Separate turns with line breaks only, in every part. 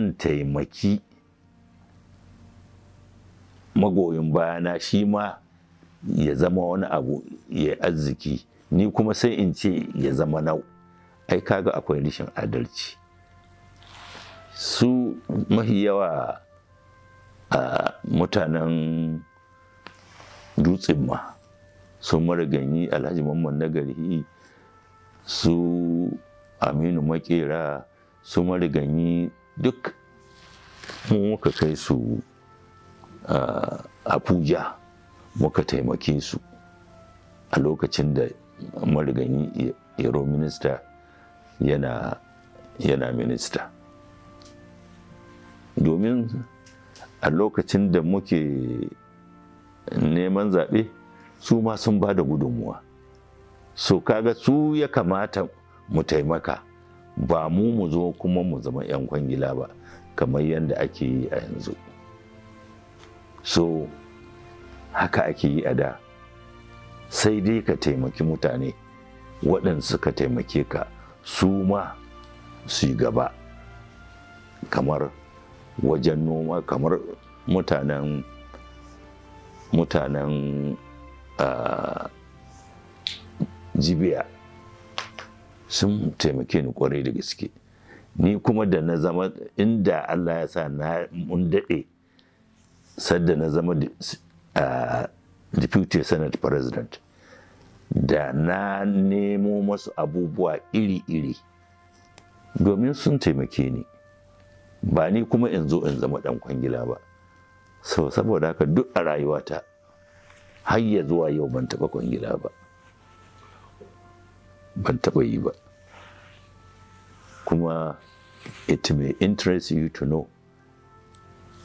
zan taimaki magoyin bayana shi ma ya zama wani abu ya arziki ni kuma sai in ce ya zama nau ai kaga akwai rishin adalci su mafi yawa a mutanen dutsen ma su maraganyi alhaji mamman nagari su aminu makera su maraganyi duk mu muka kai su abuja muka taimake su a lokacin da marigayi ero minista yana yana minista domin a lokacin da muke neman zaɓe su ma sun ba da gudunmuwa so kaga su ya kamata mu taimaka ba mu mu zo kuma mu zama 'yan kwangila ba kamar yadda ake yi a yanzu so haka ake yi a da sai dai ka taimaki mutane waɗanda suka taimake ka su ma su yi gaba kamar wajen noma kamar mutanen mutanen uh, jibiya sun taimake ni kwarai da gaske ni kuma da na zama inda Allah ya sa na mun daɗe sadda na zama a deputy senate president da na nemo masu abubuwa iri-iri domin sun taimake ni ba ni kuma in zo in zama ɗan kwangila ba saboda haka duk a rayuwata har ya zuwa yau ban taɓa kwangila ba ban taɓa yi ba kuma it may interest you to know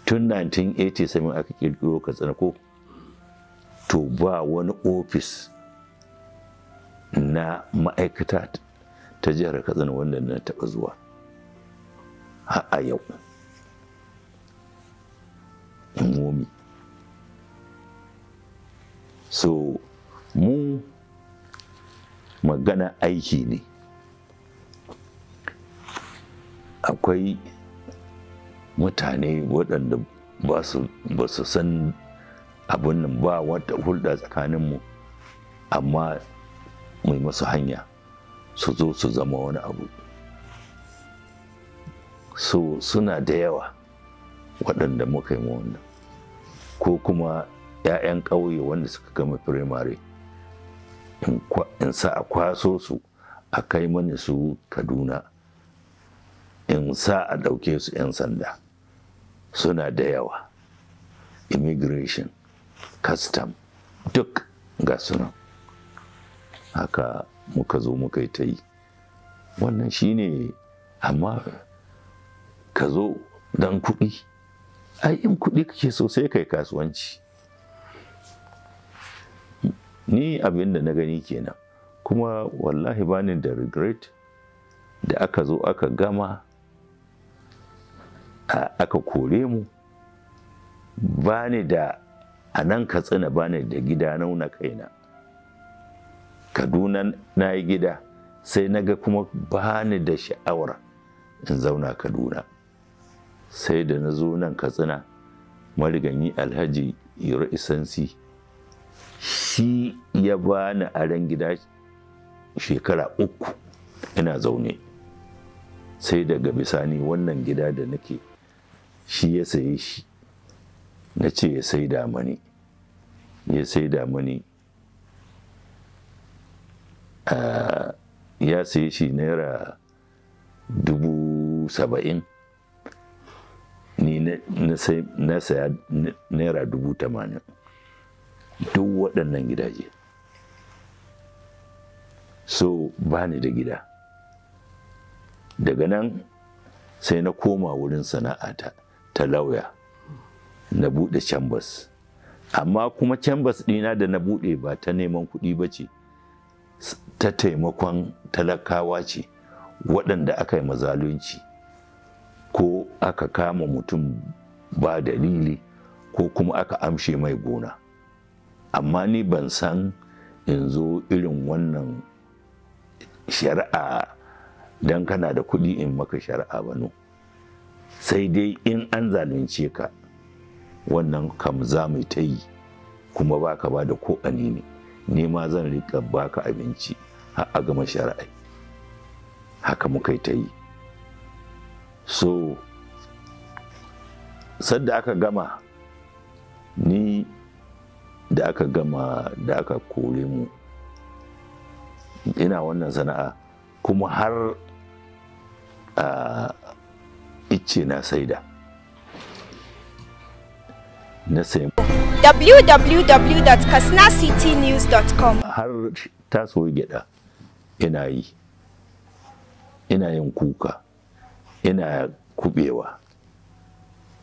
tun 1987 aka kirkiro katsina ko to ba wani ofis na ma'aikata ta jihar katsina wanda na taɓa zuwa a yau so magana aiki ne akwai mutane waɗanda ba su san abin nan ba wata hulɗa tsakaninmu amma mai masu hanya su zo su zama wani abu so suna da yawa waɗanda muka yi wannan ko kuma 'ya'yan ƙauye wanda suka gama firimare in sa a kwaso su a kai mani su kaduna in sa a ɗauke su 'yan sanda suna da yawa immigration custom duk ga suna haka muka zo muka yi ta yi wannan shi ne, amma ka zo don kuɗi ai in kuɗi kake so sai kai kasuwanci ni abin da na gani kenan kuma wallahi bani da regret da aka zo aka gama aka kore mu bani da a nan katsina bani da gida nauna kaina kaduna na yi gida sai na ga kuma bani da sha'awar in zauna kaduna sai da na zo nan katsina mariganyi alhaji iro isansi shi ya bani aren gida shekara uku ina zaune sai daga bisani wannan gida da nake shi ya saye shi na ce ya sai da mani ya sai da mani ya saye shi naira dubu saba'in ni na saya naira dubu tamanin duk waɗannan gidaje so ba ni da gida daga nan sai na koma wurin sana'a ta lauya na buɗe chambers amma kuma chambers ɗina da na buɗe ba ta neman kuɗi ba ce ta taimakon talakawa ce waɗanda aka yi mazalunci ko aka kama mutum ba dalili ko kuma aka amshe mai gona amma ni ban san yanzu irin wannan shari'a don kana da kuɗi in maka shari'a ba no sai dai in an zalunce ka wannan kam za mu ta yi kuma ba ka ba da ko anini ne ma zan riƙa ka abinci a gama shari'a haka muka yi ta yi so sadda aka gama ni da aka gama da aka kore mu ina wannan sana'a kuma har a icce na saida na sayi www.kasnacitynews.com har taso gyada ina yi ina yin kuka ina kubewa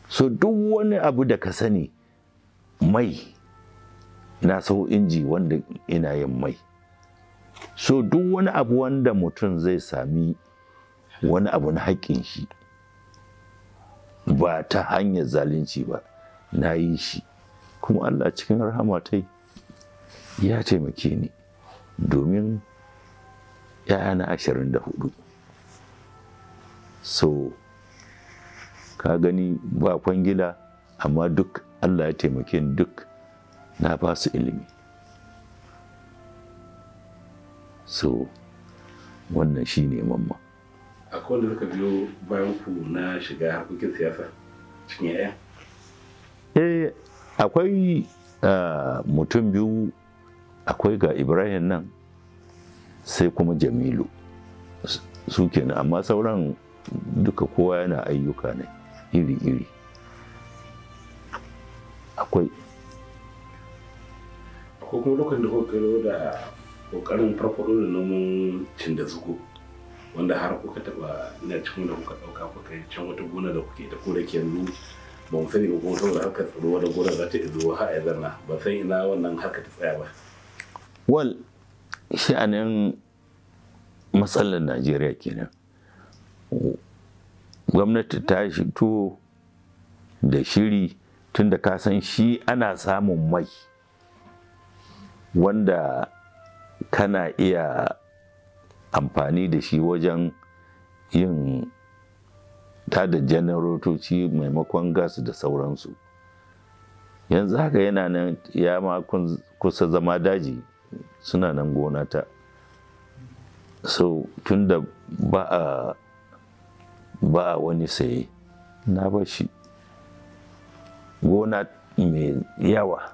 so duk wani abu da ka sani mai na sau inji wanda ina yin mai so duk wani abu wanda mutum zai sami wani abu na haƙƙin shi ba ta hanyar zalunci ba na yi shi kuma Allah cikin rahama ta ya taimake ni domin ‘ya'yana ashirin da hudu so ka gani ba kwangila amma duk Allah ya taimake ni duk na ba su ilimi so wannan shi ne mamma
akwai wanda suka biyo bayan ku na shiga harkokin siyasa cikin yaya
eh akwai ah, mutum biyu akwai ga ibrahim nan sai kuma jamilu su kenan amma sauran duka kowa yana ayyuka ne iri-iri akwai
ko kuma lokacin da kuka karo da kokarin farfado da noman cin da zugo wanda har kuka taba ina cikin da kuka dauka kuka yi can wata gona da kuke da ko da ke yanzu ba mu sani ba kuma saboda haka tsaro wata gona za ta izo har a zanna ba san ina wannan harka ta tsaya ba
wal sha'anin matsalar najeriya kenan gwamnati ta to da shiri tunda da ka san shi ana samun mai wanda kana iya amfani da shi wajen yin tada janarotoci maimakon gas da sauransu yanzu haka yana nan ya ma kusa zama daji suna nan gona ta so tunda ba a ba a wani saye na bashi gona mai yawa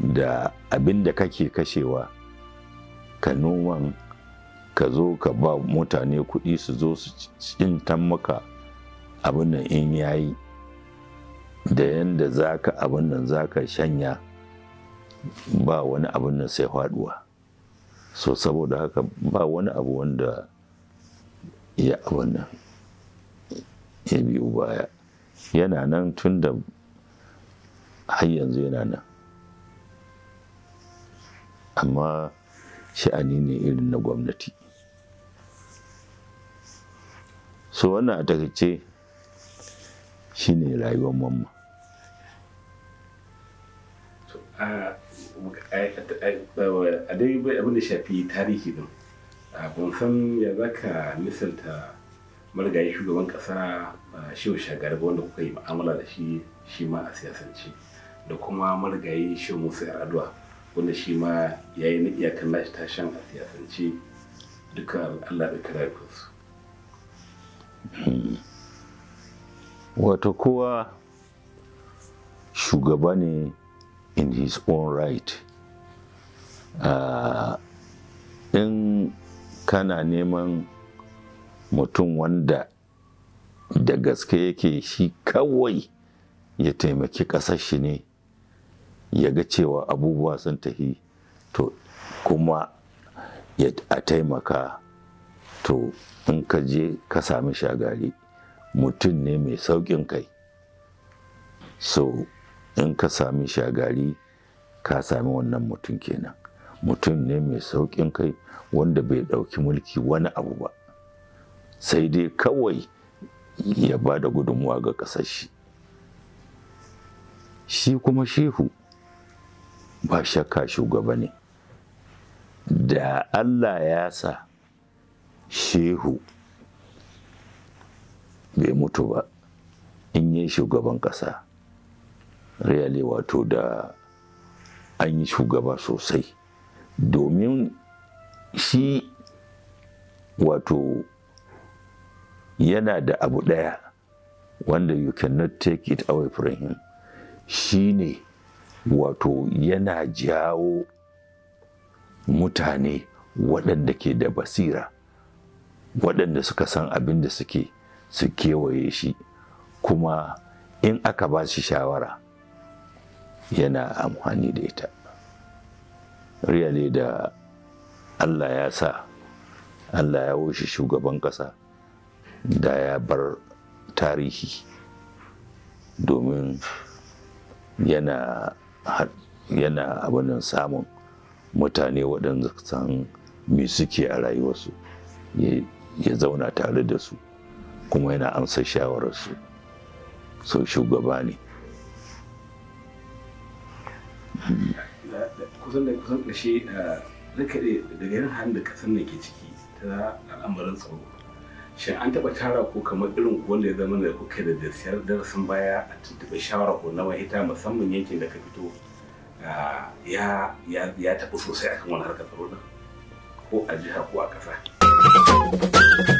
da abin da kake kashewa ka noman ka zo ka ba mutane kuɗi su zo su cintan maka abin nan in yayi da yadda za ka abin nan za ka shanya ba wani abin nan sai faɗuwa so saboda haka ba wani abu wanda ya abin nan ya biyu baya yana nan tun da har yanzu yana nan amma sha'ani ne irin na gwamnati so wannan a takaice shine rayuwar mamma
a dai abin da shafi tarihi din ban san ya za ka misalta marigayi shugaban kasa shehu shagarba wanda kuka yi ma'amala da shi shi ma a siyasance da kuma marigayi shehu musa yar'adua wanda shi ma ya yi na iyakar nashi tashin a siyasance duka Allah da
su. Wato kowa shugaba ne in his own right. Ah, in kana neman mutum wanda da gaske yake shi kawai ya taimaki ƙasar shi ne ya ga cewa abubuwa sun tafi to kuma ya a taimaka to in ka je ka sami shagari mutum ne mai sauƙin kai so in ka sami shagari ka sami wannan mutum kenan mutum ne mai sauƙin kai wanda bai ɗauki mulki wani abu ba sai dai kawai ya ba da gudunmuwa ga ƙasashe shi kuma shehu ba shakka shugaba ne da allah ya sa shehu bai mutu ba in yi shugaban ƙasa reale wato da an yi shugaba sosai domin shi wato yana da abu ɗaya wanda you cannot take it away from him shi ne wato yana jawo mutane waɗanda ke da basira waɗanda suka san abin da suke su kewaye shi kuma in aka ba shi shawara yana amfani da ita riyale da allah ya sa allah ya shi shugaban ƙasa da ya bar tarihi domin yana yana abin samun mutane waɗanda san me suke a rayuwarsu ya zauna tare da su kuma yana amsa shawararsu so shugaba ne kusan da kusan ƙashe eh,
daga yin hannun da kasan da ke ciki ta al'amarin tsaro shin an taɓa tara ko kamar irin ku wanda ya zama da kuke da dasiyar darasin baya a tuntuɓe shawara ko na mahita musamman yankin da ka fito ah, ya taɓa sosai akan wani harkar tsaro ko a jiha ko a ƙasa.